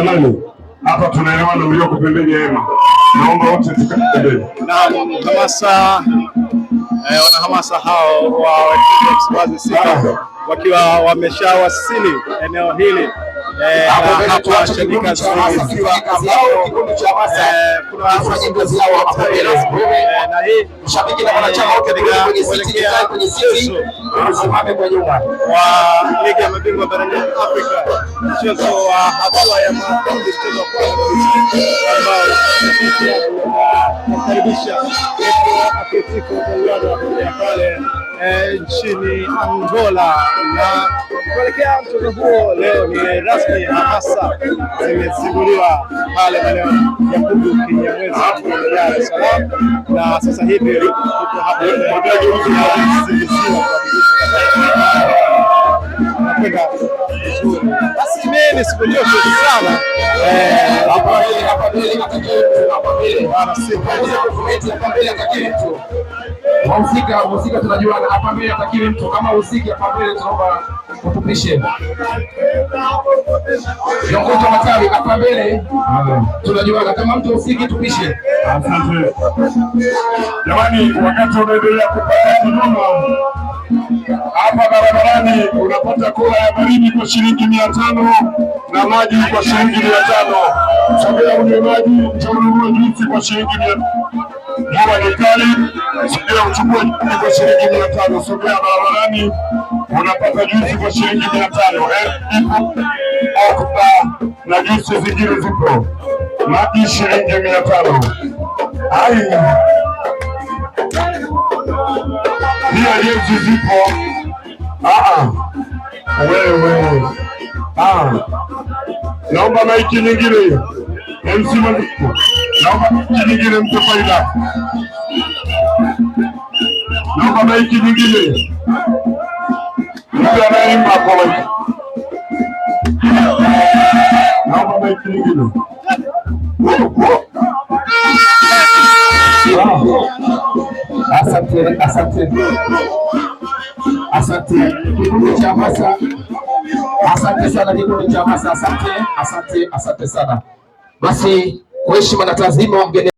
Jamani, hapa tunaelewana, mlioko pembeni ya hema, naomba wote tuketi pembeni. Naam, hamasa eh, wana hamasa hao wa wakiwa wameshawasili eneo hili wa ligi ya mabingwa barani Afrika, mchezo wa hatua ya makundi, ambao kumkaribisha Atletico Belgrado kutoka pale nchini Angola na kuelekea mchezo huo leo ni rasmi, hamasa zimezinduliwa pale maeneo ya Pugu Kinyamwezi, Dar es Salaam, na sasa hivi uko hapo nakwenda Basi mimi nisikuchoshe sana. Eh, wahusika wahusika, tunajuana hapa mbele, atakii mtu kama husiki hapa mbele, tunaomba utupishe viongozi wa matawi hapa mbele, tunajuana kama mtu husiki, tupishe. Asante jamani, wakati unaendelea kupata huduma hapa barabarani, unapata kola ya baridi kwa shilingi mia tano na maji kwa shilingi mia tano mchango ya unenaji mchanganua juisi kwa shilingi mia moja nikali sogea uchukue kumi kwa shilingi mia tano sogea barabarani unapata juisi kwa shilingi mia tano eh? ipo okta na juisi zingine zipo maji shilingi mia tano ai pia jezi zipo ah, ah. wewe ah naomba maiki nyingine hiyo MC Maliko, naomba maiki nyingine mpe faida, naomba maiki nyingine mtu anayeimba kwa maiki, naomba maiki nyingine Asante, asante, asante. Kikundi cha Hamasa Asante sana kikundi cha asante asante asante sana. Basi kwa heshima na taazima wageni